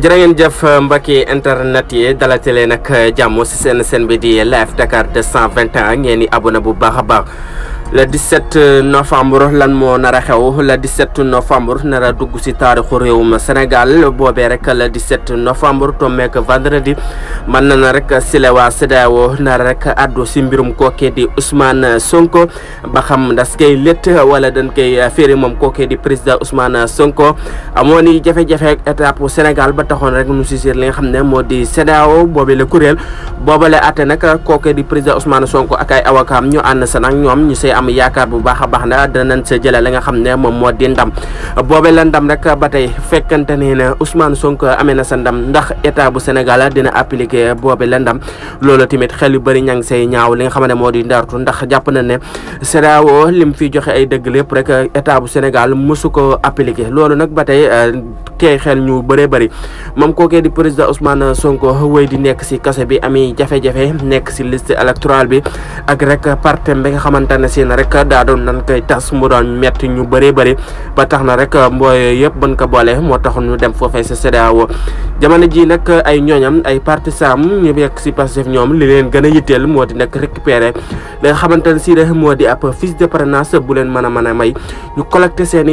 jërë ngeen jëf mbokki internet ye dalate leen nag jàmm si seen seen bi di live Dakar 221 ngeen di abonné bu baax a baax le 17 novembre lan moo nar a xew le 17 novembre nar a dugg ci taarixu réewum Sénégal boobee rek le 17 novembre tombeek vendredi mën na na rek ci la waa CEDEAO nar rek addu ci mbirum kookee di Ousmane Sonko ba xam das koy lett wala dañ koy féeri moom kookee di président Ousmane Sonko amoon i jafe-jafe étape Sénégal ba taxoon rek nu saisir li xam ne moo di CEDEAO boobee la kuréel boobale atte nag kookee président Ousmane Sonko ak ay ñu ànd sa am yaakaar bu baax a baax na danañ sa jëlee la nga xam ne moom moo di ndam boobe la ndam rek ba tey fekkante ne na Ousmane Sonko amee na sa ndam ndax état bu Sénégal dina appliquer boobe la ndam loolu tamit xel yu bëri ña ngi ñaaw li nga xam ne di ndartu ndax jàpp na ne CEDEAO lim fi joxe ay dëgg lépp rek état bu Sénégal mosu appliquer loolu nag ba euh, tey xel ñu bëree bëri moom di président Ousmane Sonko di bi jafe-jafe nekk si liste électorale bi ak rek partem bi nga xamante si métier na rek daa doon nan koy tas mu doon metti ñu bëree bëri ba tax na rek mbooy yëpp ban ko ñu dem ji ay ñooñam ay partisam ñu yegg si Pastef ñoom li leen gën di nag récupérer li nga xamante ne rek moo di ab fiche de parrainage bu leen may ñu seen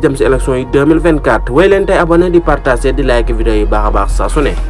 dem élection yi 2024 way leen tey abonné di partager di like video yi baax baax